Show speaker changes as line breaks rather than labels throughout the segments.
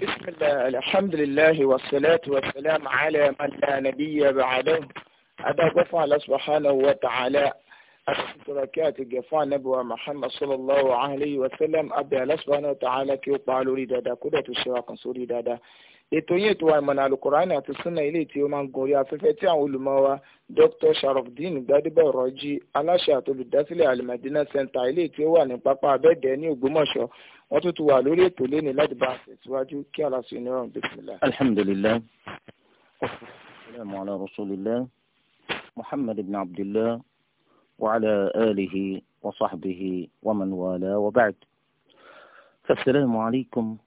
بسم الله الحمد لله والصلاة والسلام على من لا نبي بعده أبا قفا الله سبحانه وتعالى أشتراكات جفا نبوة محمد صلى الله عليه وسلم أبي الله سبحانه وتعالى كيو قالوا لي دادا كودة الشراق سوري دادا ètò yìí ètò àìmọ̀nà alukóraní àti súnà ilé tí ó máa ń gorí afẹ́fẹ́ tí àwọn olùmọ̀ wa dr sharafdin gbadebo rọjí aláṣẹ àti olùdásílẹ̀ alimadina center ilé tí ó wà ní pápá abẹ́dẹ́ ní ògbómọ̀ṣọ́ wọ́n tún ti wà lórí ètò lẹ́ni láti bá àṣẹ̀síwájú kí aláṣẹ onírọ̀rùn bismillah. alhamdulillah
salaamu ala rasulillah muhammad ibn abdullah wa ala alihi wa sahbihi wa man wala wa ba'd. asalaamu alaykum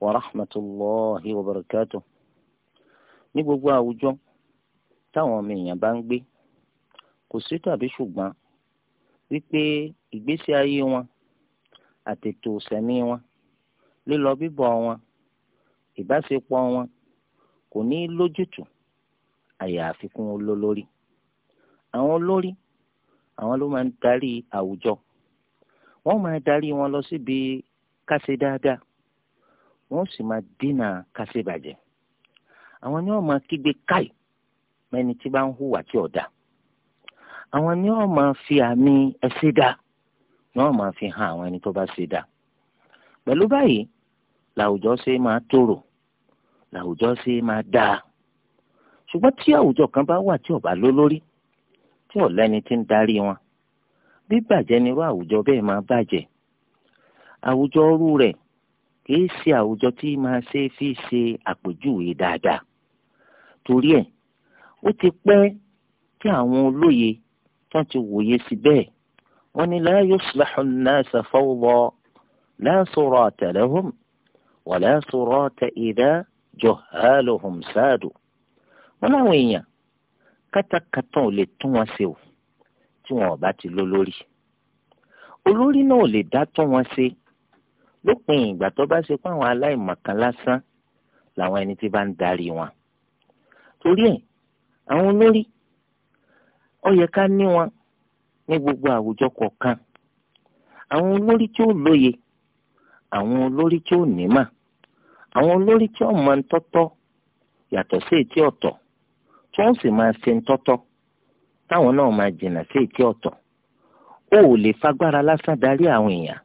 wa rahmatulahi wa barakatuh. ní gbogbo àwùjọ táwọn ọmọ èèyàn bá ń gbé kò sí tàbí ṣùgbọ́n wípé ìgbésí ayé wọn àtètò sẹ̀mí wọn lílọ bíbọ̀ wọn ìbáṣepọ̀ wọn kò ní lójútùú àyàfi kún olólórí àwọn olórí àwọn ló máa ń darí àwùjọ wọ́n máa darí wọn lọ síbi káṣe dáadáa wọ́n sì máa dínà káṣe bàjẹ́ àwọn ni wọ́n máa kígbe káì mẹ́ni tí bá ń hùwà tí ò àwọn ni wọ́n máa fi àmì ẹ̀ṣẹ̀ dáa ni wọ́n máa fi hàn àwọn ẹni tó bá ṣe dà pẹ̀lú báyìí làwùjọ ṣe máa tòrò làwùjọ ṣe máa dáa ṣùgbọ́n tí àwùjọ kan bá wà tí ò bá lólórí tí ò lẹ́ni tí ń darí wọn bí bàjẹ́ nírú àwùjọ bẹ́ẹ̀ máa bàjẹ́ àwùjọ ọrú rẹ̀ kìí ṣe àwùjọ tí máa ṣe fi ṣe àpèjúwe dáadáa torí ẹ̀ ó ti pẹ́ tí àwọn olóye tán ti wòye sí bẹ́ẹ̀ wọ́n ní la yuslihu an-nasa fawda la surata lahum wa la surata idha juhaluhum sadu. wọ́n láwọn èèyàn kátàkátà ò lè tún wọn ṣe o tí wọn ò bá ti lọ lórí olórí náà ò lè dá tún wọn ṣe lópin ìgbà tó bá ṣe pé àwọn aláìmọ̀kan lásán làwọn ẹni tí bá ń darí wọn torí ẹ̀ àwọn olórí ó yẹ ká ní wọn ní gbogbo àwùjọ kọ̀ọ̀kan àwọn olórí tí ó lóye àwọn olórí tí ó nímà àwọn olórí tí ó mọ ntọ́tọ́ yàtọ̀ sí etí ọ̀tọ̀ tí wọ́n sì máa ṣe ntọ́tọ́ táwọn náà máa jìnnà sí etí ọ̀tọ̀ ó ò lè fagbára lásán darí àwọn èèyàn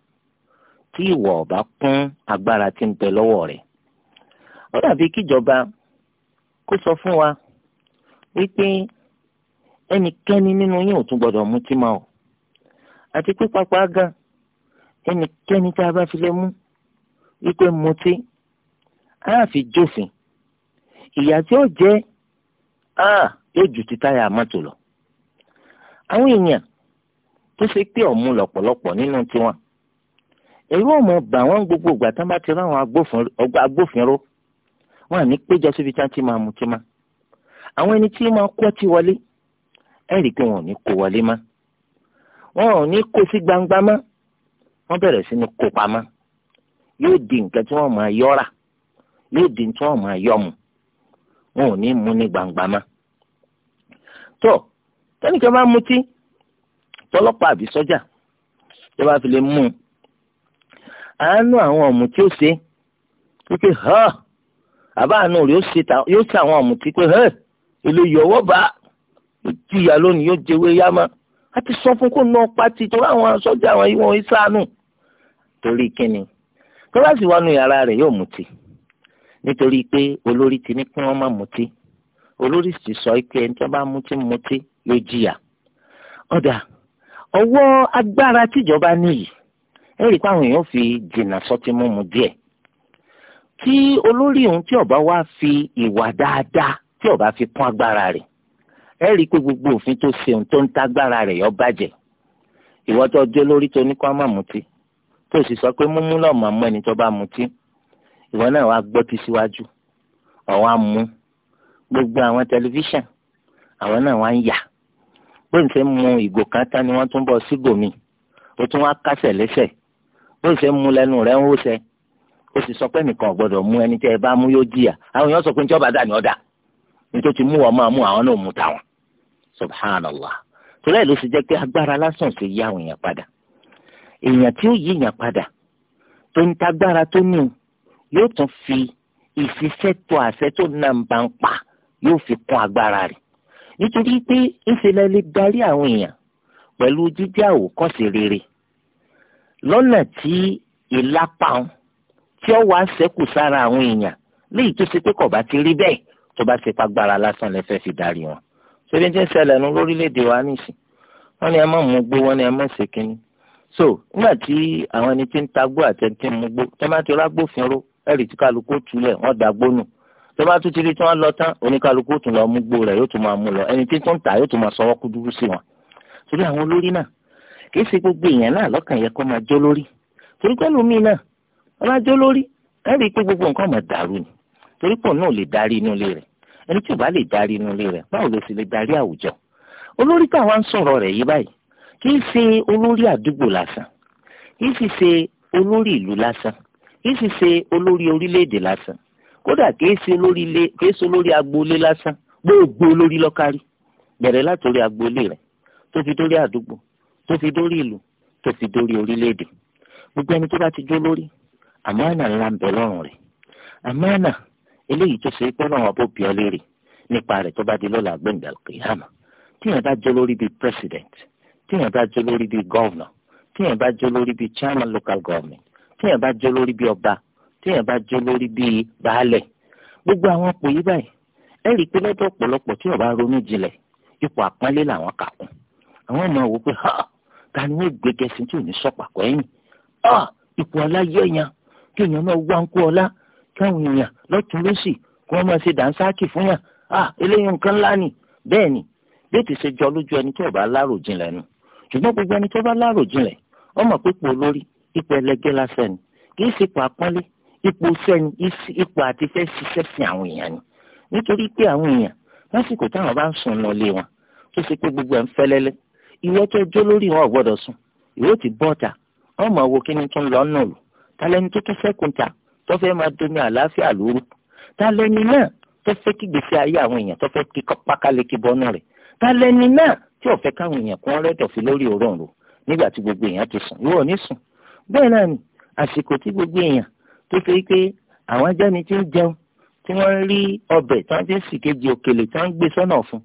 tí ìwọ ọba kún agbára tí ń bẹ lọ́wọ́ rẹ̀ ó dàbí kíjọba kó sọ fún wa wípé ẹnikẹ́ni nínú yín ò tún gbọ́dọ̀ mutí máa o àti pé pápá gan ẹnikẹ́ni tá a bá fi lè mú wípé mutí á fi jófin ìyà tí ó jẹ́ á yóò ju ti táyà mọ́tò lọ. àwọn èèyàn tó ṣe pé ọ̀mú lọ́pọ̀lọpọ̀ nínú tiwọn ẹ̀rú ọ̀mọ̀ bà wọ́n gbogbo ìgbà tán bá ti ráwọn agbófinró wọn à ní péjọ síbi tí wọ́n ti máa mutí máa àwọn ẹni tí máa kọ́ ti wọlé ẹ rí i pé wọn ò ní kó wọlé mọ́ wọn ò ní kó sí gbangba mọ́ wọ́n bẹ̀rẹ̀ sí ní kó pamọ́ yóò di nǹkan tí wọ́n máa yọ́ra yóò di tí wọ́n máa yọ́ mu wọn ò ní mú ní gbangba mọ́ tó tẹ́nìkan bá mutí tọlọ́pàá àbí sọ́jà tó bá fi lè mú un àánú àwọn ọ̀mùtí ó ṣe wípé hàn àbá rẹ̀ yóò ṣe àwọn ọ̀mùtí pé hàn èlò ìyọ̀wọ́ bá jìyà lónìí yóò jẹwé yámá a ti sọ fún kó nà pati torí àwọn sọ́jà àwọn yìí wọ́n ń sànù torí kíni tó bá sì wọnú yàrá rẹ̀ yóò mutí nítorí pé olórí ti ní kí wọ́n má mutí olórí sì sọ pé ẹni tó bá mutí mutí yóò jìyà ọ̀dà ọwọ́ agbára tíjọba níyì ẹ rí i pé èèyàn fi jìnnà sọtí mímu díẹ̀ tí olórí òun tí ó bá fi ìwà dáadáa tí ó fi kún agbára rẹ̀ ẹ rí i pé gbogbo òfin tó ṣe ohun tó ń tágbára rẹ̀ yọ bàjẹ́ ìwọ tó jẹ́ lórí tó ní kó má mutí tó sì sọ pé múmú náà máa mú ẹni tó bá mutí ìwọ náà wàá gbọ́ ti síwájú ọ̀wọ́n á mú gbogbo àwọn tẹlifíṣàn àwọn náà wàá ń yà bó ń ṣe mu ìgò kan tán ni wọ́n tún bọ́ sígò mi ó tún wàá kásẹ̀ lẹ́sẹ̀ bó ń ṣe mu lẹ́nu rẹ̀ ń hóṣẹ́ ó sì sọ pé nìkan gbọ́dọ̀ mú ẹni tẹ́ ẹ bá mú yóò jìyà àwọn èèyàn sọ pé ní ọba dà ní ọ̀dà ní tó ti mú wọn máa mú àwọn náà mú tàwọn subhanallah torí ẹ̀ ló ṣe jẹ́ pé agbára lásán ṣe yí àwọn èèyàn padà èèyàn tí ó yí èèyàn padà tó ń tagbára tó ní o yóò tún fi ìfisẹ́ tó àṣẹ tó nà ń pa yóò fi kún agbára rẹ̀ nítorí pé ìṣẹ̀lẹ̀ lè darí àwọn èèyàn pẹ̀lú jíjẹ́ àwòkọ́ṣe rere lọ́nà tí ìlápá wọn tí ó wàá ṣẹ́kù sára àwọn èèyàn léyìí tó ṣe pé kò bá ti rí bẹ́ẹ̀ tó bá ṣe pagbára lásán lè fi darí wọn torí ti ń ṣẹlẹ̀ nu lórílẹ̀‐èdè wa nìsín wọ́n ní ẹ má mú gbó wọ́n ní ẹ má ṣe kínní so nígbà tí àwọn ẹni tí ń tagbó àti ẹni tí ń mú gbó tẹ́ bá ti rágbófinró ẹ̀rì tí kálukú túlẹ̀ wọ́n dàgbó nù tó bá tún ti rí tí wọn lọ tán oníkálukú tún lọ mú gbó rẹ yóò tún máa mú lọ ẹni tí tó ń tà yóò tún máa sọwọ́ kú dúró sí wọn. torí àwọn olórí náà kìí ṣe gbogbo èèyàn náà lọ́kàn yẹ kó máa jó lórí torí pẹ́ lómi náà wọ́n máa jó lórí ẹ pé gbogbo nǹkan máa dàrú ni torí pọ̀ náà lè darí inú ilé rẹ̀ ẹni tí ò bá lè darí inú ilé rẹ̀ báwo ló sì lè darí àwùjọ olórí táwa ń sọ̀rọ̀ rẹ̀ yìí báyìí kì í ṣe olórí àdúgbò lásán kì í sì ṣe olórí ìlú lásán kì í sì ṣe olórí orílẹ̀-èdè lásán kódà kì í ṣe olórí agboolé lásán gbogbo olórí lọ́kárí bẹ̀rẹ̀ látòrí agboolé rẹ̀ tó fi dórí àdúgbò tó fi dórí ìlú tó fi dórí orílẹ̀-èdè gbogbo ẹni tó bá ti jó lórí àmánà ńlá ń bẹ lọ́rùn rẹ̀ àmánà eléyìí tó ṣe pé náà wọn bó bí ọ léèrè nípa rẹ̀ tó bá di lọ́la gbẹ̀ǹdà kìyàmà tíyẹn bá jó lórí bíi president tíyẹn bá jó lórí bíi governor tíyẹn bá jó lórí bíi chairman local government tíyẹn bá jó lórí bíi ọba tíyẹn bá jó lórí bíi baálẹ̀ gbogbo àwọn ọ̀pọ̀ yìí báyìí ẹ rí i pé lọ́dọ̀ ọ̀pọ̀lọpọ̀ tí ọba ronú jinlẹ̀ ipò àpọ́nlé làwọn kà kún àwọn ọmọ wò pé ta ni wọ́n gbé gẹ̀ẹ́sì tí ò ní sọ̀pàkọ́ ẹ̀yìn ipò ọlá yẹ̀yàn kéèyàn náà wá ń kó ọlá káwọn èèyàn lọ́tún lọ́sì kí wọ́n máa ṣe dànsáàkì fún yàn à eléyìí nǹkan ńlá ni bẹ́ẹ̀ ni bí ètò ṣe jọ lójú ẹni tó bá lárò jinlẹ̀ nu ṣùgbọ́n gbogbo ẹni tó bá lárò jinlẹ̀ wọ́n mọ̀ pé ipò olórí ipò ẹlẹgẹ́ lásán ni kì í ṣe ipò àpọ́nlé ipò sẹ́ni ipò àti fẹ́ ṣiṣẹ́ sí àwọn èèyàn ni nítorí pé àwọn èèyàn lásìkò táwọn bá ń sùn lọ lé wọn tó ṣe pé gbogbo ẹ̀ ń fẹ́lẹ́lẹ́ ìwọ tó jó lórí wọn ò gbọ́dọ̀ sùn ìwọ ti bọ́ ta wọ́n mọ̀ wo kí ni tó ń lọ nù lù talẹ́ni tó tún fẹ́ kùn ta tó fẹ́ máa domi àlàáfíà lóru ta lẹni náà tó fẹ́ kí gbèsè ayé àwọn èèyàn tó fẹ́ kí pákáleke bọ́nú rẹ̀ ta lẹni náà tí ò fẹ́ káwọn èèyàn kún rẹ́dọ̀ fi lórí òróǹro nígbà tí gbogbo èèyàn ti sùn ìwọ ní sùn bẹ́ẹ̀ náà ni àsìkò tí gbogbo èèyàn tó fẹ́ pé àwọn ajẹ́ni ti ń jẹun tí wọ́n ń rí ọbẹ̀ tí wọ́n ti ń sì kejì òkèlè tí wọ́n ń gbé sọ́nà fún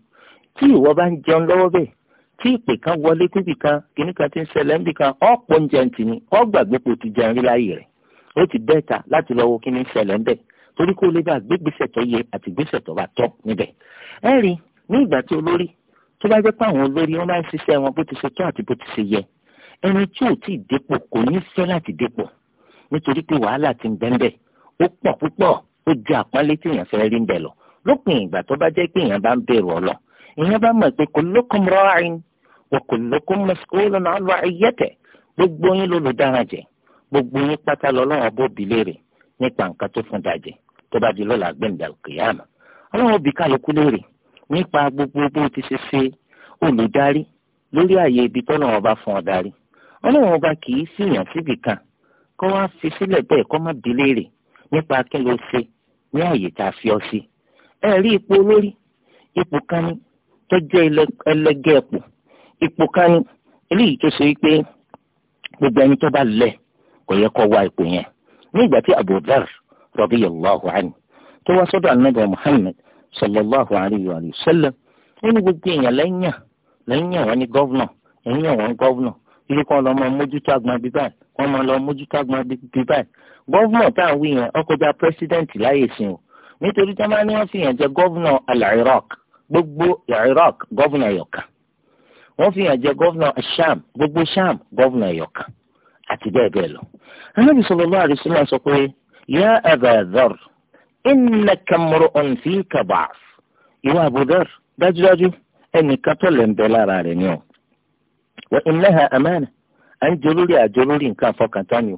tí ìwọ bá ń jẹun lọ́wọ́ bẹ́ẹ̀ tí ìpè kan wọlé kúbì kìnnìkan ti ń ṣẹlẹ̀ níbì kan ọ̀pọ̀ oúnjẹ ti ni ọ̀gbàgbépo ti jẹun rí láyè rẹ̀ ó ti bẹ́ẹ̀ta láti lọ wo kí ni ṣẹlẹ̀ ń bẹ̀ torí kó lè bá gbégbèsè tó yẹ àti gbèsè tó bá tọ́ níbẹ̀. ẹ rí ní ìgbà tí olórí tó bá jẹ́ pé àwọn olórí wọn máa ń ṣiṣẹ́ wọn bó ti ṣe tó àti bó ti ṣe yẹ ẹni tí ò tí ì dépò kò ní fẹ́ láti dépò nítorí pé wàhálà ti ń bẹ́ńbẹ́ ó pọ̀ púpọ̀ ó ju àpọ́nlé tí èèyàn fẹ́ rí ń bẹ̀ lọ lópin ìgbà tó bá jẹ́ pé èèyàn bá ń bẹ̀rù ọ̀lọ́ èèyàn bá mọ̀ pé kullukum ra'in wa kullukum mas'ulun 'an ra'iyyatihi gbogbo yín ló lò dára jẹ́ gbogbo yín pátá lọ́lọ́wọ́n bó bi léèrè nípa nǹkan tó fún dajẹ́ tó bá di lọ́la gbẹ̀ǹdà kìyàmà ọlọ́wọ́n bi kálukú léèrè nípa gbogbo bó ti ṣe ṣe olùdarí lórí ààyè ibi tọ́lọ́wọ́n bá fún ọ darí ọlọ́wọ́n bá kì í síyàn síbì kan kó wá fi sílẹ̀ bẹ́ẹ̀ kó má bi léèrè nípa kí ló ṣe ní ààyè tá a fi ọ sí ẹ rí ipò olórí ipò kan ní tó jẹ́ ẹlẹgẹ́ ẹ̀pọ̀ ipò kan ní eléyìí tó ṣe wípé gbogbo ẹni tó bá lẹ̀ kò yẹ kó wá ipò yẹn ní ìgbà tí Abu Dharr radiyallahu anhu tó wá sọ́dọ̀ anabi Muhammad sallallahu alayhi wa sallam nínú gbogbo èèyàn lẹ́yìn lẹ́yìn àwọn ní gọ́vnà ẹ̀yìn àwọn gọ́vnà ilé kan lọ́mọ mójútó àgbọn bíi báyìí wọ́n máa lọ mójútó àgbọn bíi báyìí gọ́vnà tá à ń wí yẹn ọkọjá pírẹsidẹ́ǹtì láyè sìn o nítorí tí wọ́n máa ní wọ́n fi yàn jẹ gọ́vnà al-Iraq gbogbo Iraq gọ́vnà ẹ̀yọ̀kan wọ́n fi yàn jẹ gọ́vnà Sham gbogbo Sham gọ́vnà ẹ̀yọ̀kan àti bẹ́ẹ̀ bẹ́ẹ̀ lọ. anábì sallallahu alaihi wasallam sọ pé yá Aba Dharr innaka imru'un fika da'f ìwà Abu Dharr dájúdájú ẹnìkan tó lè ń bẹ lára rẹ̀ ni ọ́. wa innaha amana à ń jẹ lórí àjọ lórí nǹkan àfọkàntán ni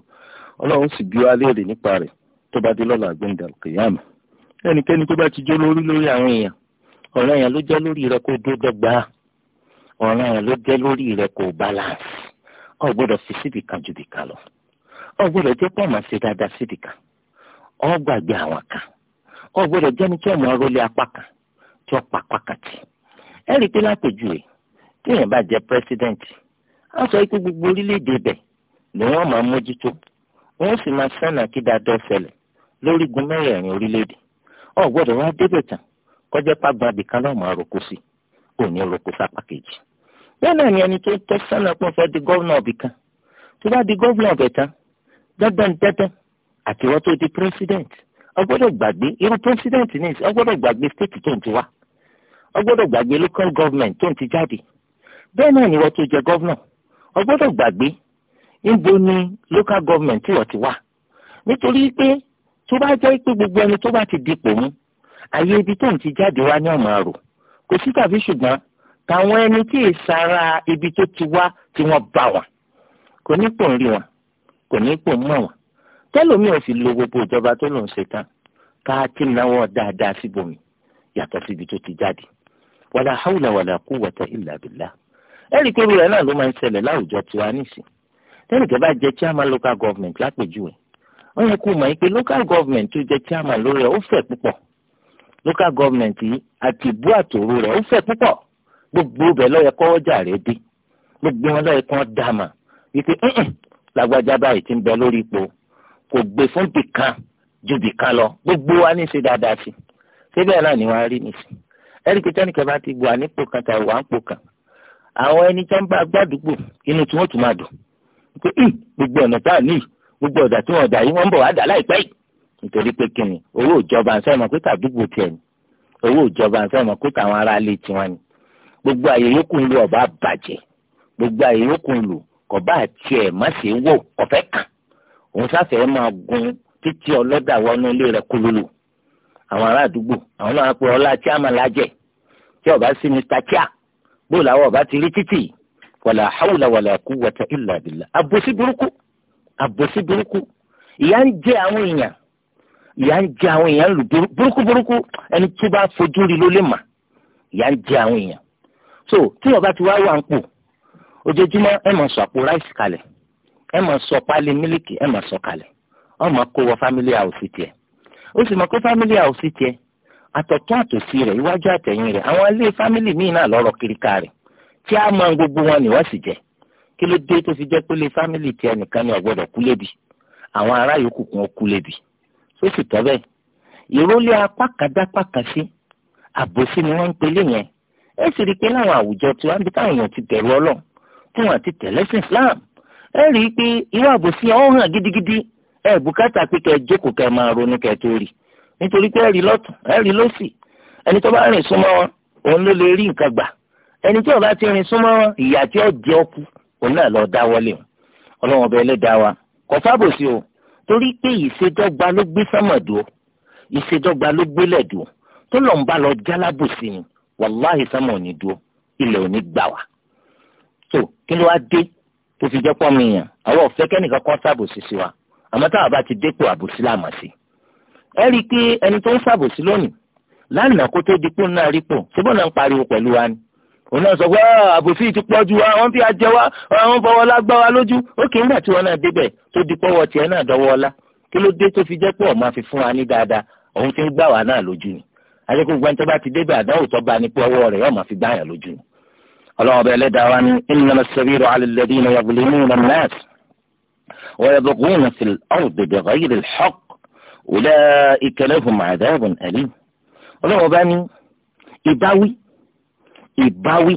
ọlọ́run sì bí wá léèrè nípa rẹ̀ tó bá dé lọ́la àgbẹ̀ndàl kìyàmù ẹnikẹ́ni tó o si fi síbi kan ju lọ o gbọ́dọ̀ jẹ́ pọ̀ máa ṣe dáadáa síbi kan o gbàgbé àwọn kan o gbọ́dọ̀ jẹ́ ní tí ọmọ rọlé apá kan tí ó pa ẹ rí i pé jẹ president á sọ pé gbogbo orílẹ̀-èdè bẹ̀ ni wọ́n máa mójútó wọ́n sì máa kí ṣẹlẹ̀ lórí gun mẹ́rẹ̀ẹ̀rin orílẹ̀-èdè wá débẹ̀ tán kọjá bẹ́ẹ̀ náà ni ẹni tó tẹ́ sọ́nà pọ̀ fẹ́ di gọ́vnà ọ̀bì kan tó bá di gọ́vnà ọ̀bẹ̀ tán dandan dandan àti wọ́n tó di president ọgbọ́dọ̀ gbàgbé irú president ní ìsìn ọgbọ́dọ̀ gbàgbé state tó ń ti wá ọgbọ́dọ̀ gbàgbé local government tó ń ti jáde bẹ́ẹ̀ náà ni wọ́n tó jẹ gọ́vnà ọgbọ́dọ̀ gbàgbé níbo ni local government tí wọ́n ti wá nítorí pé tó bá jẹ́ pé gbogbo ẹni tó bá ti dipò mú àyè ibi tó ń ti jáde wá ní ọ̀mọ̀ àrò kò sí tàbí ṣùgbọ́n tàwọn ẹni tí ìsara ibi tó ti wá tí wọ́n bá wọn kò ní pò ń rí wọn kò ní pò ń mọ̀ wọn tẹ́lómi ò sì lo gbogbo ìjọba tó lòún ṣe tán ká náwó dáadáa síbòmí yàtọ̀ síbi tó ti jáde wàlà haúlà wàlà quwwata illa billah ẹ̀rí pé rúra náà ló máa ń ṣẹlẹ̀ láwùjọ tiwa nísìn tẹ́nìkẹ́ bá jẹ chairman local government lápèjúwe wọ́n yẹ kó mọ̀ pé local government tó jẹ chairman lórí ẹ̀ ó fẹ̀ púpọ̀ local government yìí àtìbú àtòrú rẹ̀ ó fẹ̀ púpọ̀ gbogbo bẹ̀ lọ́yẹ kọ́ ọjà rẹ̀ dé gbogbo wọn lọ́yẹ kọ́ dàmà wípé lágbájá báyìí ti ń bẹ lórí ipò kò gbé fún bìkan ju bìkan lọ gbogbo wa ní í ṣe dáadáa sí síbẹ̀ náà ni wọ́n á rí mi sí ẹ̀rí pé tẹ́nìkan bá ti wà nípò kan tàbí wà nípò kan àwọn ẹni tó ń bá gbàdúgbò inú tí wọ́n tún máa dùn pé mm, gbogbo ọ̀nà tá a ní gbogbo ọ̀dà tí wọ́n dà yìí wọ́n ń bọ̀ wá dà láìpẹ́ yìí nítorí pé kíni owó ìjọba ń sẹ́mọ̀ pé tàdúgbò tiẹ̀ ni owó ìjọba ń sẹ́mọ̀ pé tàwọn ará ilé tiwọn ni gbogbo àyè yòókù ń lu ọba bàjẹ́ gbogbo àyè yòókù ń lu kọba àti ẹ̀ má ṣe wò ọ̀fẹ́ kan òun sáfẹ́ máa gun títí ọlọ́dà wọnú ilé rẹ̀ kúlúlù àwọn ará àdúgbò àwọn náà pe ọlá tí a máa lájẹ tí ọba sí mr chia bóòlù àwọn ọba ti rí títì wàlà hàwùlà wàlà kú wàtà ìlà àbìlà àbòsí burúkú àbòsí burúkú ìyà ń jẹ àwọn èèyàn ìyà ń jẹ àwọn èèyàn lù burúkú burúkú ẹni tó bá fojú rí ló mà ìyà ń jẹ àwọn èèyàn so tí ọba ti wá wà ń pò ojoojúmọ́ ẹ máa sọ àpò ráìsì kalẹ̀ ẹ máa sọ páálí mílíkì ẹ máa sọ kalẹ̀ ọ máa kó wọ fámílì àwòsí tiẹ̀ ó sì máa kó fámílì àwòsí tiẹ̀ àtọ̀tún àtòsí rẹ̀ iwájú àtẹ̀yìn rẹ̀ àwọn ilé fámílì míì náà lọ́rọ̀ kiriká rẹ̀ tí a máa gbogbo wọn ni wọ́n sì jẹ́ kí ló dé tó fi jẹ́ pé ilé fámílì tiẹ̀ nìkan ni ọ̀gbọ́dọ̀ kú lébi àwọn ará yòókù kan kú lébi tó sì tọ́ bẹ́ẹ̀ ìrólé apá àbòsí ni wọ́n ń pelé yẹn ẹ sì rí i pé láwọn àwùjọ tí wọn bí táwọn èèyàn ti bẹ̀rù ọlọ́run tí wọn ti tẹ̀lé sí Islam ẹ rí i pé ìwà àbòsí ọ̀hún hàn gidigidi ẹ bùkátà pé kẹ jókòó kẹ máa ronú kẹ tó rí nítorí pé ẹ rí lọ́tún ẹ rí lọ́sì ẹni tó bá rìn súnmọ́ wọn òun ló lè rí nǹkan gbà ẹni tí ó bá ti rìn súnmọ́ wọn ìyà tí ó jẹ ọkù òun náà lọ dá wọlé o ọlọ́run ọba ẹlẹ́dàá wa kò fábòsí o torí pé ìṣèdọ́gba ló gbé sámọ̀dù o ló gbélẹ̀ dù tó lọ́n lọ jálábòsí ni wàláhì sánmà ò ní dúró ilẹ̀ ò ní gbà wá. tó kí ló wá dé tó fi jẹ́ pọ́nmi yàn àwọn ọ̀fẹ́ kẹ́nìkan kan ṣàbòsí sí wa àmọ́ táwa bá ti dépò àbòsí láàmà sí. ẹ rí i pé ẹni tó ń ṣàbòsí lónìí lánàá kó tó dipò náà rí pò síbò náà ń pariwo pẹ̀lú wa ni òun náà sọ pé ah, àbòsí ti pọ̀ ju wa wọ́n fi ajẹ́ wa wọ́n fọwọ́ lá gbá wa lójú ó kì í nígbà tí wọ́n náà débẹ̀ tó dipò wọ tiẹ̀ náà dọwọ́ ọlá kí ló dé tó fi jẹ́ pé ọ̀ máa fi fún wa ní dáadáa òun ti ń gbà wá náà lójú ni àti gbogbo ẹni tó bá ti débẹ̀ àdáwò tó bá ní pé ọwọ́ rẹ̀ yóò máa fi gbáyà lójú ọlọ́wọ́ bẹ́ẹ̀ lẹ́dàá wa ní innama sabilu ala alladhina yadhlimuna an-nas wa yabghuna fil ardi bighayri al-haqq ulaika lahum adhabun alim ọlọ́wọ́ bá ní ìbáwí ìbáwí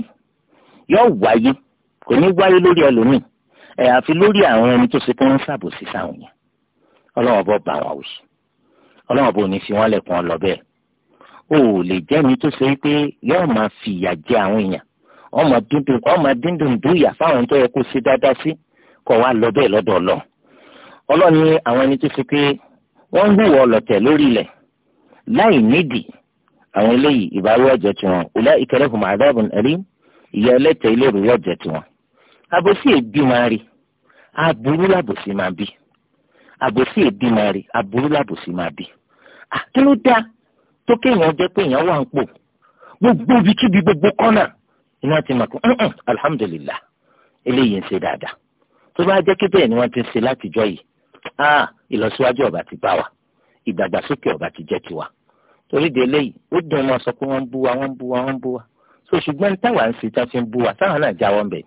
yóò wáyé kò ní wáyé lórí ẹlòmíì ẹ̀ àfi lórí o ò lè jẹ́ni tó ṣe pé yóò máa fìyà jẹ àwọn èèyàn ọmọ dídùn ọmọ dídùn dùyà fáwọn tó yẹ kó ṣe dáadáa sí kọ wá lọ bẹ́ẹ̀ lọ́dọ̀ ọlọ́ ọlọ́ni àwọn ẹni tó ṣe pé wọ́n ń hùwà ọlọ̀tẹ̀ lórí ilẹ̀ láì nídìí àwọn eléyìí ìbáwí ọ̀jẹ̀ tiwọn ọ̀là ìkẹlẹ́kùn àdáàbùn ẹ̀rí ìyá ẹlẹ́tẹ̀ ilé ìròyìn ọ̀jẹ̀ tiwọn àbòsí èbí máa rí aburú làbòsí máa bí àbòsí èbí máa rí aburú làbòsí máa bí àkínú dáa tó kéèyàn jẹ́ pé èèyàn wà ń pò gbogbo ibikíbi gbogbo kọ́nà iná ti mọ̀ pé mm, mm, alhamdulillah eléyìí ń ṣe dáadáa tó bá jẹ́ pé bẹ́ẹ̀ ni wọ́n ti ń ṣe látijọ́ yìí ah ìlọsíwájú ọba ti bá wa ìdàgbàsókè ọba ti jẹ́ tiwa torí de eléyìí ó dùn ún mọ́ sọ pé wọ́n ń bú wa wọ́n ń bú wa wọ́n ń bú wa so ṣùgbọ́n ní táwa ń ṣe tá fi ń bú wa táwa náà jáwọ́ ń bẹ̀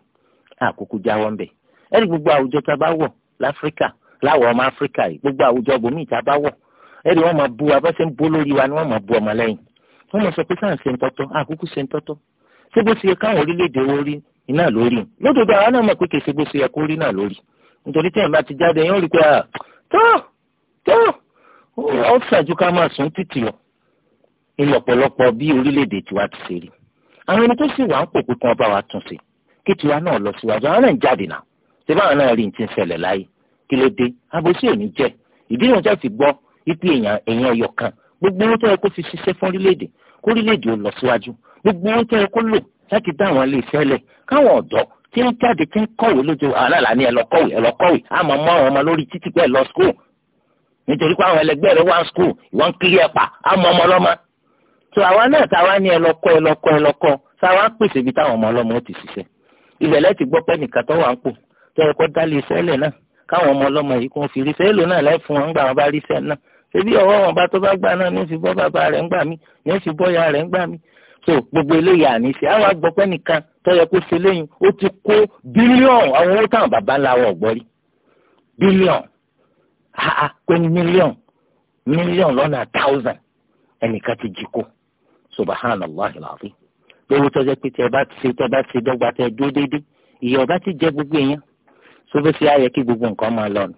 àkókò jáwọ́ ń bẹ̀ ẹ̀rí gbogbo àwùjọ tá a bá wọ̀ láfíríkà láwọ̀ ọmọ áfíríkà yìí gbogbo àwùjọ bòmíì tá bá wọ̀ ẹ̀rí wọ́n máa bu abọ́sẹ̀ ń bó lórí wa ni wọ́n máa bu ọmọ lẹ́yìn wọ́n máa sọ pé sáà ń ṣe ń tọ́tọ́ àkókò ṣe ń tọ́tọ́ ṣé bó ṣe yẹ káwọn orílẹ̀-èdè wo rí iná lórí lódodo àwọn náà mọ̀ pé kèsì bó ṣe yẹ kó rí náà lórí nítorí tẹ̀yìn bá ti jáde yẹn ó rí pé à tó tó ó ṣàjú ká máa sùn títì lọ ilẹ̀ ọ̀pọ̀lọpọ̀ bí orílẹ̀-èdè tiwa ti ṣe rí àwọn ẹni tó sì wà ń pò pé bá wa tún ṣe kí tiwa náà lọ síwájú àwọn náà ń jáde náà ṣé báwọn náà rí ní ti ń ṣẹlẹ̀ láyé kí ló dé àbòsí ò ní jẹ́ ìdí ìrìn ipe èèyàn èèyàn ẹyọ kan gbogbo owó tó yẹ kó fi ṣiṣẹ́ fún orílẹ̀-èdè kó orílẹ̀-èdè ó lọ síwájú gbogbo owó tó yẹ kó lò láti dá àwọn ilé iṣẹ́ lẹ̀ káwọn ọ̀dọ́ tí ń jáde tí ń kọ̀wé lójú aláàlá ni ẹ lọ kọ̀wé a máa mú àwọn ọmọ lórí títí pé ẹ lọ skul nítorí pé àwọn ẹlẹgbẹ́ rẹ wá skul ìwọ́n kiri ẹ̀pà a mọ ọmọ ọlọ́mọ tó àwa náà táwa ni ẹ lọ kọ́ ẹ lọ kọ́ ẹ lọ kọ́ sáwa ń pèsè ibi táwọn ọmọ ọlọ́mọ ti ṣiṣẹ́ ibẹ̀ lẹ́ẹ̀tì gbọ́ pé nìkan tó wà ń pò tó ẹ kọ́ dálé iṣẹ́ lẹ̀ náà káwọn ọmọ ọlọ́mọ yìí kò fi ríṣẹ́ èlò náà lẹ́fun wọn gbà wọn bá ríṣẹ́ náà ṣebí ọwọ́ wọn bá tó bá gbà náà ní fi bọ́ bàbá rẹ̀ ń gbà mí ní fi bọ́ ya rẹ̀ ń gbà mí so gbogbo eléyìí àníṣe àwọn agbọ̀pẹ́ nìkan tó kó ṣe lẹ́yìn ó ti kó bílíọ̀nù àwọn owó táwọn bàbá ńlá wọn gbọ́ rí bílíọ̀nù àá pé mílíọ̀nù mílíọ̀nù lọ́nà táùsàn ẹnìkan ti jí kó subhanallah alazim lówó tó jẹ́ pé tẹ bá ṣe tẹ bá ṣe dọ́gba tẹ dúró déédéé ìyá ọba ti jẹ gbogbo èèyàn sóbẹ́sì ayẹ gbogbo nǹkan máa lọ nù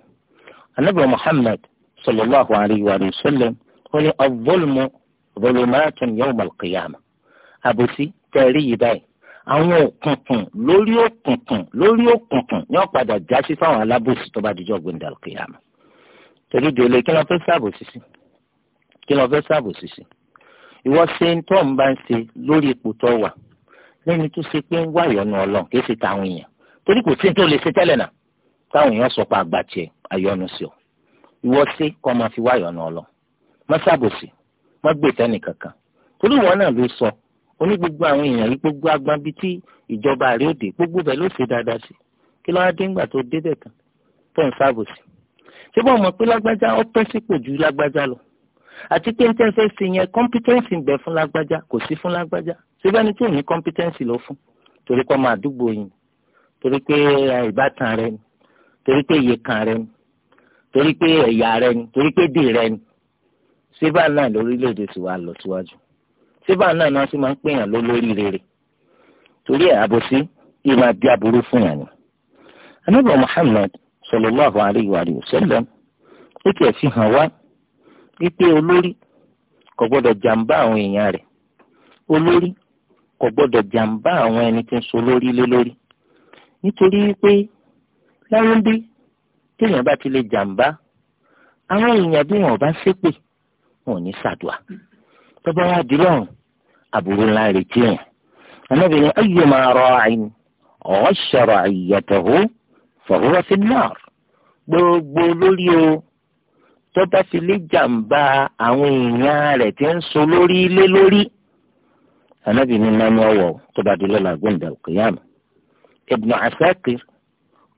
anábìrì Muhammad صلى الله عليه وآله وسلم، ní الظلم ظلمات يوم القيامة. al-qiyamah àbòsí tẹ̀rí yìí báyìí àwọn òkùnkùn lórí òkùnkùn lórí òkùnkùn ni wọ́n padà já sí fáwọn alábòsí tó bá dijọ́ gbẹ̀ndà al-qiyamah torí délé kí ló fẹ́ sábòsí sí kí ló fẹ́ sábòsí sí ìwọ ṣe ń tọ́ ń bá ń ṣe lórí ipò tó wà lẹ́ni tó ṣe pé ń wá ìyọnu ọlọ́run kì í ṣe tàwọn èèyàn torí kò sí tó lè ṣe tẹ́lẹ̀ náà táwọn èèyàn sọ pé àgbà tiẹ̀ àyọnu sí ọ ìwọ sí kọ́ máa fi wáyọ̀ náà lọ má ṣàbòsí má gbètẹ́ nìkankan torí ìwọ náà ló sọ oní gbogbo àwọn èèyàn yìí gbogbo agbọn bíi tí ìjọba àrí òde gbogbo bẹ́ẹ̀ ló ṣe dáadáa sí kí ló wá dé ńgbà tó débẹ̀ tán tó ń ṣàbòsí ṣé bọ́n mọ̀ pé lágbájá ó pẹ́ sípò ju lágbájá lọ àti pé níta fẹ́ ṣe yẹn kọ́mpítẹ́ǹsì ń bẹ fún lágbájá kò sí fún lágbájá ṣé bẹ́ẹ̀ ni tí ò ní kọ́mpítẹ́ǹsì ló fún torí pé ọmọ àdúgbò yìí torí pé ìbátan rẹ ni torí pé iye kan rẹ ni torí pé ẹ̀yà rẹ ni torí pé dè rẹ ni síbà náà lórílẹ̀‐èdè ti wà lọ síwájú síbà náà náà sì máa ń pèèyàn lólórí rere torí ẹ̀ àbòsí yìí máa di aburú fún yàn ni. anábọ̀ Muhammad sallallahu alayhi wa sallam ó tiẹ̀ fi hàn wá wípé olórí kò gbọ́dọ̀ jàǹbá àwọn èèyàn rẹ̀ olórí kò gbọ́dọ̀ jàǹbá àwọn ẹni tí ń so lórí lé lórí nítorí pé láwọn bí téèyàn bá ti lè jàǹbá àwọn èèyàn bí wọn bá ṣépè wọn ò ní ṣàdùà tó bá wá dúró ọ̀hún àbúrò ńlá retí yẹn anábìrin ayé máa rọ àyìn ọ̀hún ṣọ̀rọ̀ àyẹ̀tọ̀hó fọ̀húrọ̀ sí náà gbogbo lórí o tó bá fi lè jàǹbá àwọn èèyàn rẹ̀ tí ń so lórí ilé lórí anábìrin ni ọwọ́ tó bá dúró làgbọ̀ǹdà òkèèyàn ibnu asakir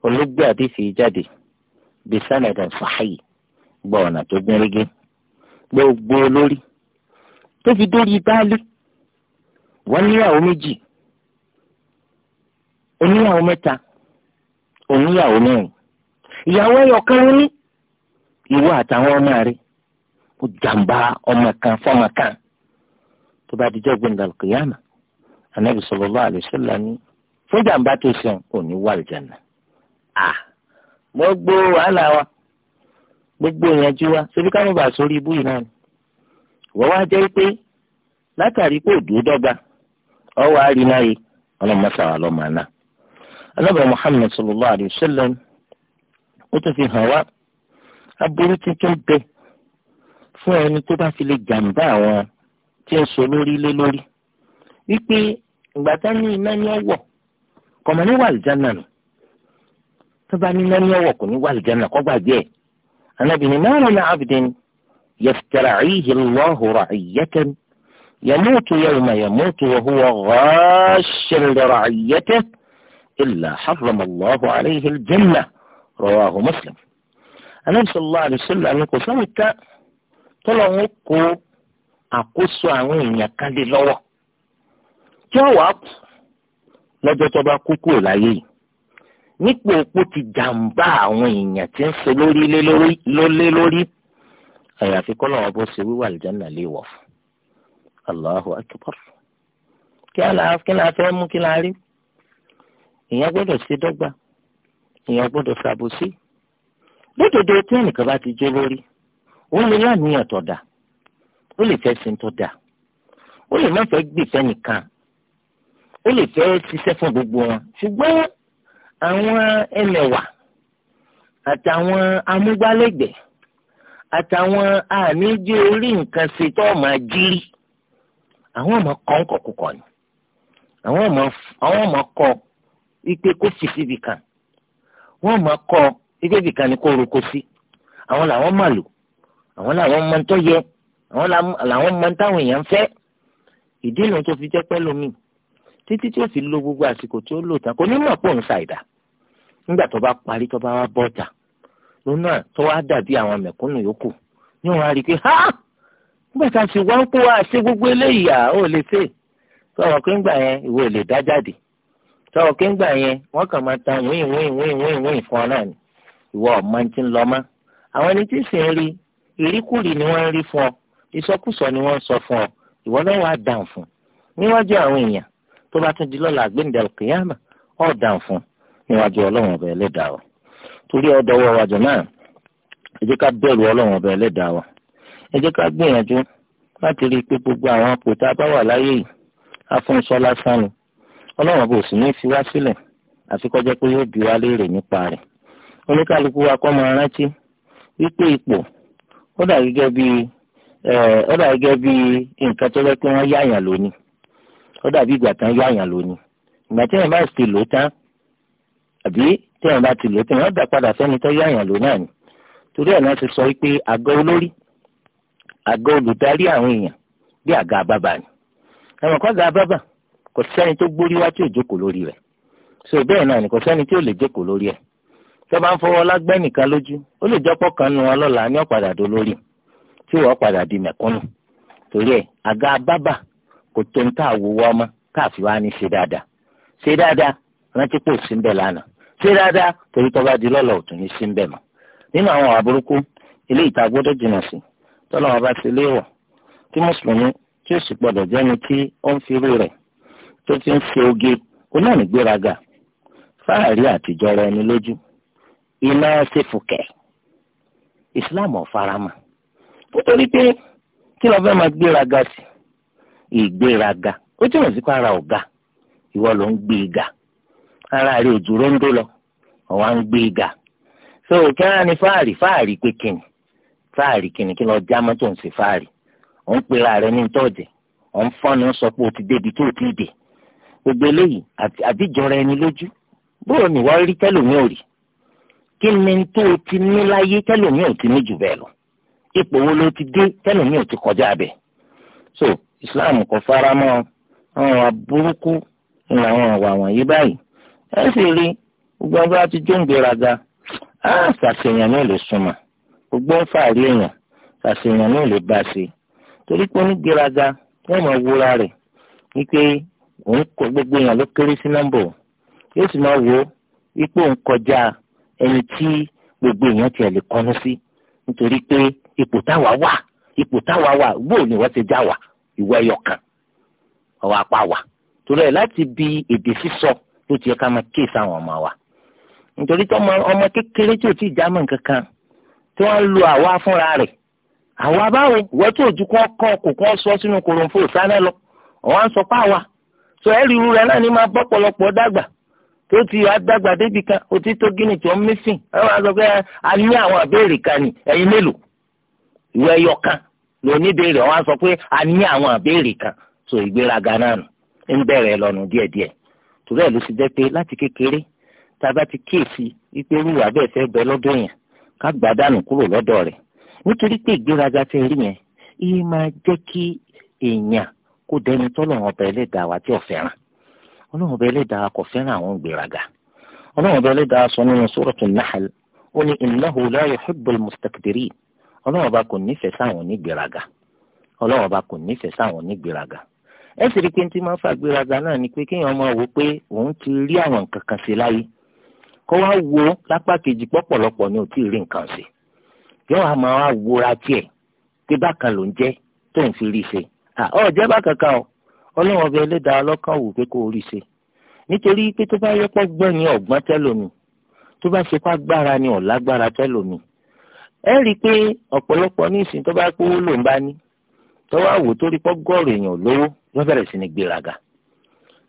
olóògbé àdìsí jáde bisanadin sahihi gbọ́ ọ̀nà tó gbẹ́rẹ́gẹ́ gbogbo olórí tó fi dórí baálé wọ́n níyàwó méjì oníyàwó mẹ́ta oníyàwó mẹ́rin ìyàwó ẹ̀yọ̀kan ní ìwọ àtàwọn ọmọ rẹ̀ ó jàǹbá ọmọ kan fọmọ kan tó bá dijọ́ gbẹ̀ndàlù kìyàmà anabi sallallahu alaihi fún jàǹbá tó sàn ò wà lìjànà ah gbogbo wàhálà wa gbogbo ìyànjú wa ṣebí ká má bàa sórí ibú yìí náà ni wọ́n wá jẹ́ pé látàrí pé òdúró ọwọ́ àrínáyé ọlọ́mọ sàwọn ọlọ́mọ àná alábàá Muhammad sallallahu alayhi wa sallam ó tún fi hàn wá aburú tuntun bẹ fún ẹni tó bá fi lè jàǹbá àwọn tí ń sọ lórí lé lórí wípé ìgbà tá ní iná ní ọwọ́ kọmọ níwà àlùjáná nù tó bá ní lẹ́nu ọ̀wọ̀ kò ní wà lìjánà kọ́ gbàgbé ẹ̀ anábìnrin náà lọ́nà abidin yẹfitarahihi lọ́hùrọ̀ àyẹ́kẹ́ yẹmútu yẹwùmá yẹmútu wọ́húwọ́ rọ́ṣẹ̀lẹ̀rọ̀ àyẹ́kẹ́ ilà hàrọ̀mọ̀lọ́hù àlẹ́yìn jẹ́nà rọwà hù mùsùlùm. anábìsọ̀lá àdìsọ́lá ni kò sọ́mi ká tọ́lọ̀ ń kó àkóso àwọn èèyàn kan lé lọ́wọ́ kí wọ́n wàá kú lọ́jọ́ tó bá kú láyé yìí nípò òpó ti jàǹbá àwọn èèyàn tí ń ṣe lórí lé lórí àyàfi kọ́ lọ́wọ́ bó ṣe wíwà àlùjáná lè wọ̀ fún Allahu akbar kí la fẹ́ mú kí la rí èèyàn gbọ́dọ̀ ṣe dọ́gba èèyàn gbọ́dọ̀ ṣàbòsí lódodo tí ẹnìkan bá ti jó lórí ó lè láníyàn tó dáa ó lè fẹ́ sin tó dáa ó lè má fẹ́ gbè fẹ́nìkan ó lè fẹ́ ṣiṣẹ́ fún gbogbo wọn ṣùgbọ́n àwọn ẹlẹ́wà àtàwọn amúgbálẹ́gbẹ̀ẹ́ àtàwọn àníjẹ orí nǹkan ṣe tó ọmọ ajírí àwọn ọmọ kọ́ńkọ̀ kúkọ ni àwọn ọmọ àwọn ọmọ kọ ipe kó fi síbi kan wọn ọmọ kọ ipe ibì kan ni kó roko sí àwọn làwọn mà lò àwọn làwọn máa ń tọ́ yẹ àwọn làwọn máa ń táwọn èèyàn ń ìdí nu tó fi jẹ́ pẹ́ lómi títí tí ó fi lo gbogbo àsìkò tí ó lò tán kò ní mọ̀ pò ṣàìdá nígbà tó bá parí tó bá wá bọ́ta lónà tó wá dàbí àwọn mẹ̀kúnnù yòókù ní wọn á rí i pé ha nígbà tá a sì wá ń kó wa ṣe gbogbo eléyìí à ó lè ṣe sọ̀rọ̀ pé ńgbà yẹn ìwé lè dá jáde sọ̀rọ̀ pé ńgbà yẹn wọ́n kàn máa ta wíìn wíìn wíìn wíìn wíìn fún ọ náà ni ìwọ ọ̀ma ti ń lọ mọ́ àwọn ẹni tí sì ń rí ìríkùrì ni wọ́n ń rí fún ọ ìsọkúsọ ni wọ́n ń sọ fún ọ ìwọ lọ́wọ́ á dàn fún níwájú àwọn èèyàn tó bá tún di lọ́la àgbéǹdà kìyàmà ọ̀ dàn fún níwájú ọlọ́run ọba ẹlẹ́dàá wa torí ọ̀dọ̀ wọ wájú náà ẹ jẹ́ ká bẹ̀rù ọlọ́run ọba ẹlẹ́dàá wa ẹ jẹ́ ká gbìyànjú láti rí i pé gbogbo àwọn àpò tá a bá wà láyé yìí á fún iṣọ́ lásán ni ọlọ́run ọba òsì ní í fi wá sílẹ̀ àfi kó jẹ́ pé yóò bi wá léèrè nípa rẹ̀ oníkálukú wa kọ́ máa rántí wípé ipò ó dà gẹ́gẹ́ bí nǹkan tó lẹ́ pé wọ́n yáyàn lónìí ó dàbí ìgbà tán yáyàn lónìí ìgbà tí àbí tí èèyàn bá ti lò tí èèyàn dá padà sẹ́ni tó yá èèyàn lò náà ni torí ẹ̀ náà ti sọ pé àgọ́ olórí àgọ́ olùdarí àwọn èèyàn bí àga bábà ni ẹ̀wọ̀n kọ́ àga bábà kò sẹ́ni tó gbórí wá tí ò jókòó lórí rẹ̀ so bẹ́ẹ̀ náà ni kò sẹ́ni tí ò lè jókòó lórí ẹ̀ tó bá ń fọwọ́ lágbẹ́ nìkan lójú ó lè jọ́pọ̀ kan nu ọlọ́la ní ọ̀padà dó lórí tí wọ́n padà di mẹ̀kúnnù torí ẹ̀ àga bábà kò tó ń tà wúwọ́ ọmọ káàfin wá ní ṣe dáadáa ṣe dáadáa rántí pò sí ń bẹ̀ lánàá ṣé dáadáa torí tó bá di lọ́la òtún ní sí ń bẹ̀ mọ́ nínú àwọn àbúrúkú ilé ìta gbọ́dọ̀ jìnnà sí tọ́lọ́ wọn bá ti léwọ̀ tí mùsùlùmí tí ó sì gbọ́dọ̀ jẹ́ni tí ó ń fi irú rẹ̀ tó ti ń ṣe oge onáàní gbéraga fáàrí àtijọ́ rẹ ni lójú iná ṣe fùkẹ́ ìsìláàmù ọ̀farama nítorí pé kí lọ fẹ́ máa gbéraga sí ìgbéraga ó jẹ́ òsínkára ọ̀gá ìwọ ló ń gbé e ga ara rẹ̀ òjò róńdó lọ ọ̀wá ń gbé ga so kí wọ́n á ní fáàrí fáàrí pé kìnnì fáàrí kìnnì kí lọ já mọ́tò ń ṣe fáàrí ò ń pera rẹ̀ ní tọ́jẹ̀ ò ń fọ́ni sọ pé o ti débi tó o ti dè gbogbo eléyìí àbíjọra ẹni lójú bóò ní wọ́n rí tẹ́lòmí ò rí kí ni tó o ti ní láyé tẹ́lòmí ò ti ní jù bẹ́ẹ̀ lọ ipò wo ló ti dé tẹ́lòmí ò ti kọjá bẹ́ẹ̀ so Islam kò fara mọ́ àwọn aburúkú ìlànà àwọn àwàwọ̀n yìí báyìí ẹ sì rí gbogbo ẹgbẹ́ àti jóǹgbéraga á ṣàṣeyàn náà lè súnmọ́ gbogbo ń fà rí èèyàn ṣàṣeyàn náà lè bá a ṣe torí pé onígbéraga wọ́n máa wúra rẹ̀ wípé òun kọ gbogbo èèyàn ló kéré sí nọ́mbà yóò sì máa wò ó wípé òun kọjá ẹni tí gbogbo èèyàn tiẹ̀ lè kọ́nu sí nítorí pé ipò táwa wà ipò táwa wà gbóò ni wọ́n ti já wà ìwọ ẹyọ kan ọwọ́ apá wà torí ẹ̀ láti bi èdè sísọ. So ló ti yẹ ká máa kíyèsí àwọn ọmọ wa nítorí tí ọmọ kékeré tí o ti ì já mọ́ nǹkan tí lu àwa fúnra rẹ àwa báwo wọ́n tí òjú kan kọ́ kò kọ́ sọ sínú kòròǹfò sáná lọ ọ̀wá ń sọ pá wa sọ irú náà dàgbà tó ti àdàgbà débi kan tó gíní tó ń mísìn sọ pé a ní àwọn kan ní ẹ̀yin mélòó ìwé ẹyọ kan sọ pé a ní àwọn kan ìgbéraga náà ń bẹ̀rẹ̀ lọ́nu torí ẹ̀ ló ti jẹ́ pé láti kékeré tá a bá ti kíyèsí wípé rúwà bẹ́ẹ̀ fẹ́ bẹ lọ́dọ̀ yẹn ká gbà dànù kúrò lọ́dọ̀ rẹ̀ nítorí pé ìgbéraga tẹ rí yẹn ìyẹn máa jẹ́ kí èèyàn kó dẹni tọ́lọ́run ọba ẹlẹ́dàá wa tí ò fẹ́ràn ọlọ́run ọba ẹlẹ́dàá kò fẹ́ràn àwọn ìgbéraga ọlọ́run ọba ẹlẹ́dàá sọ nínú suratul Nahl ó ní innahu la yuhibbul mustakbirin ọlọ́run ọba kò nífẹ̀ẹ́ sáwọn onígbéraga ọlọ́run ọba kò nífẹ̀ẹ́ sáwọn onígbéraga ẹ sì rí pé tí máa ń fàgbéraga náà ni pé kéèyàn máa wò pé òun ti rí àwọn nǹkan kan ṣe láyé kó wá wo lápá kejì pọ̀pọ̀lọpọ̀ ni ò tí ì rí nǹkan ṣe yóò wá máa wá wora tiẹ̀ pé bákan ló ń jẹ́ tó ń fi rí ṣe ọ jẹ́ bákan kan o ọlọ́run ọbẹ̀ ẹlẹ́dàá ọlọ́kàn wù pé kó rí ṣe nítorí pé tó bá yẹpọ̀ gbọ́n ni ọ̀gbọ́n tẹ́lómi tó bá ṣe pá gbára ni ọ̀lágbára tẹ́lómi ẹ rí i pé ọ̀pọ̀lọpọ̀ ní ìsìn tó bá pé lòún bá ní tó wá wò tó rí pọ́gọ́rù èèyàn lówó yóò bẹ̀rẹ̀ sí ní gbéraga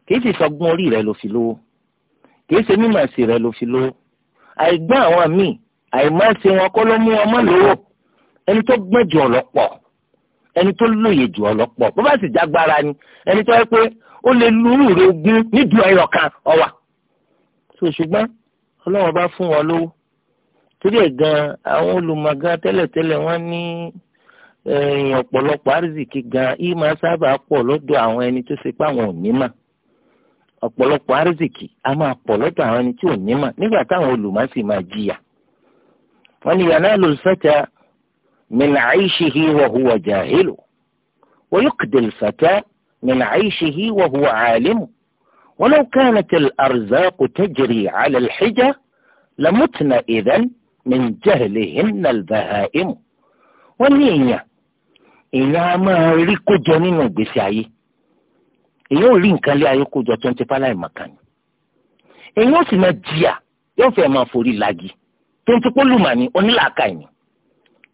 kì í sì sọgbọ́n orí rẹ ló fi lówó kì í ṣe mímọ̀ sí rẹ ló fi lówó àìgbọ́n àwọn míì àìmọ̀ sí wọn kọ́ ló mú wọn mọ́ lówó ẹni tó gbọ́n jù ọ̀lọ́pọ̀ ẹni tó lóye jù ọ̀lọ́pọ̀ bó bá sì jágbára ni ẹni tó yẹ pé ó lè lúrú rẹ ogún nídùú ẹyọ kan ọwà tó ṣùgbọ́n
ọlọ́run bá fún wọn lówó
torí ẹ̀ àwọn olùmọ̀gá tẹ́lẹ̀tẹ́lẹ̀ wọ́n ní. Ni èèyàn ọ̀pọ̀lọpọ̀ àrísìkí gan yìí máa sábà pọ̀ lọ́dọ̀ àwọn ẹni tó ṣe pé àwọn ò ní mà ọ̀pọ̀lọpọ̀ àrísìkí a máa pọ̀ lọ́dọ̀ àwọn ẹni tí ò ní mà nígbà táwọn olùmọ̀ máa jìyà wọ́n ní yanalul fata min aishihi wa huwa jahilu wa yuqdil fata min aishihi wa huwa alimu ولو كانت الأرزاق تجري على الحجة لمتن إذن من جهلهن البهائم wọ́n ní èèyàn èèyàn á máa rí kójọ nínú ìgbésí ayé èèyàn ò rí nǹkan lé ayé kójọ tó ń tẹ pálá ìmọ̀kan èèyàn ò sì máa jìyà yóò fẹ́ máa forí lagi tó ń tẹ pé lùmàní onílàákàyè ni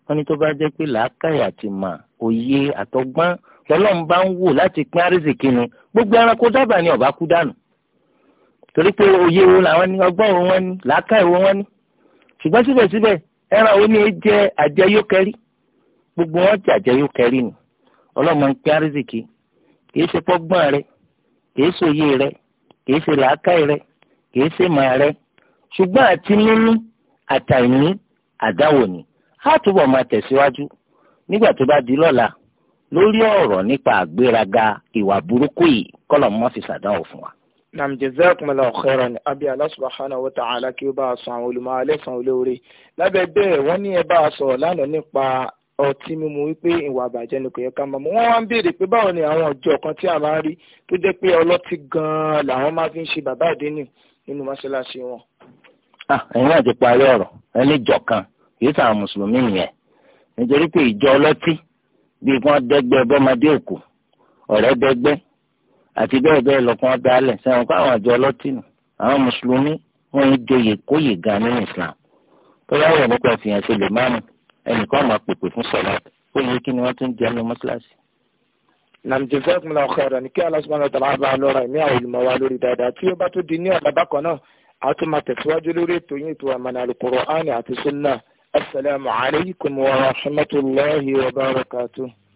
wọ́n ní tó bá jẹ́ pé làákàyè àti mà òye àtọ́gbọ́n lọ́lọ́run bá ń wò láti pín àrísìkí ni gbogbo ẹranko dábàá ni ọ̀bá kú dànù torí pé òye wo làwọn ní ọgbọ́n wo wọ́n ní làákàyè wo wọ́n ní ṣùgbọ́n síbẹ̀síbẹ̀ ẹran wo ni jẹ́ àjẹyókẹ́rí gbogbo wọn jàjẹ yóò kẹrí ni ọlọ́mọ ń pín àrísìkì kìí ṣe pọ́gbọ́n rẹ kìí ṣe òye rẹ kìí ṣe làákàyè rẹ kìí ṣe màá rẹ ṣùgbọ́n àti níní àtàìní àdáwò ni á túbọ̀ máa tẹ̀síwájú nígbà tó bá di lọ́la lórí ọ̀rọ̀ nípa àgbéraga ìwà burúkú yìí kọ́lọ̀ mọ́ fi ṣàdánwò fún wa.
nam jazakumullahu khairan ni abi Allah subhanahu wa ta'ala kí ó bá a sọ àwọn olùmọ̀ alẹ́ sàn olóore lábẹ́ bẹ́ẹ̀ wọ́n ní ẹ bá a sọ̀rọ̀ lánàá nípa ọtí mímu wípé ìwà àbàjẹ́ ni kò yẹ ká máa mú wọ́n wá ń béèrè pé báwo ni àwọn ọjọ́ kan tí a máa ń rí tó jẹ́ pé ọlọ́tí gan-an làwọn máa fi ń ṣe bàbá ìdínì nínú mọ́ṣáláṣí wọn. Ah, ẹ̀yin náà ti parí
ọ̀rọ̀ ẹni ìjọ kan kìí sàn mùsùlùmí nìyẹn nítorí pé ìjọ ọlọ́tí bíi kí wọ́n dẹ́gbẹ́ bọ́mọdé òkú ọ̀rẹ́ dẹ́gbẹ́ àti bẹ́ẹ̀ bẹ́ẹ̀ lọ Islam tó bá wọ̀ nípa fìyànṣe lè máàmù ẹnìkan máa pèpè fún sọlá ó lè kí ni wọ́n tún jẹun ní mọ́ṣáláṣí.
nàìjíríà fẹ́ fún mi ọkọ rẹ̀ ní kí aláṣọ́mọ́ náà tàbá bá a lọ́ra ẹ̀mí àwọn olùmọ̀ wa lórí dáadáa tí ó bá tó di ní ọ̀dà bákan náà a tún máa tẹ̀síwájú lórí ètò yín ètò àmàlà al-Qur'ani àti sunna asalaamualeykum wa rahmatulahi wa barakatuh.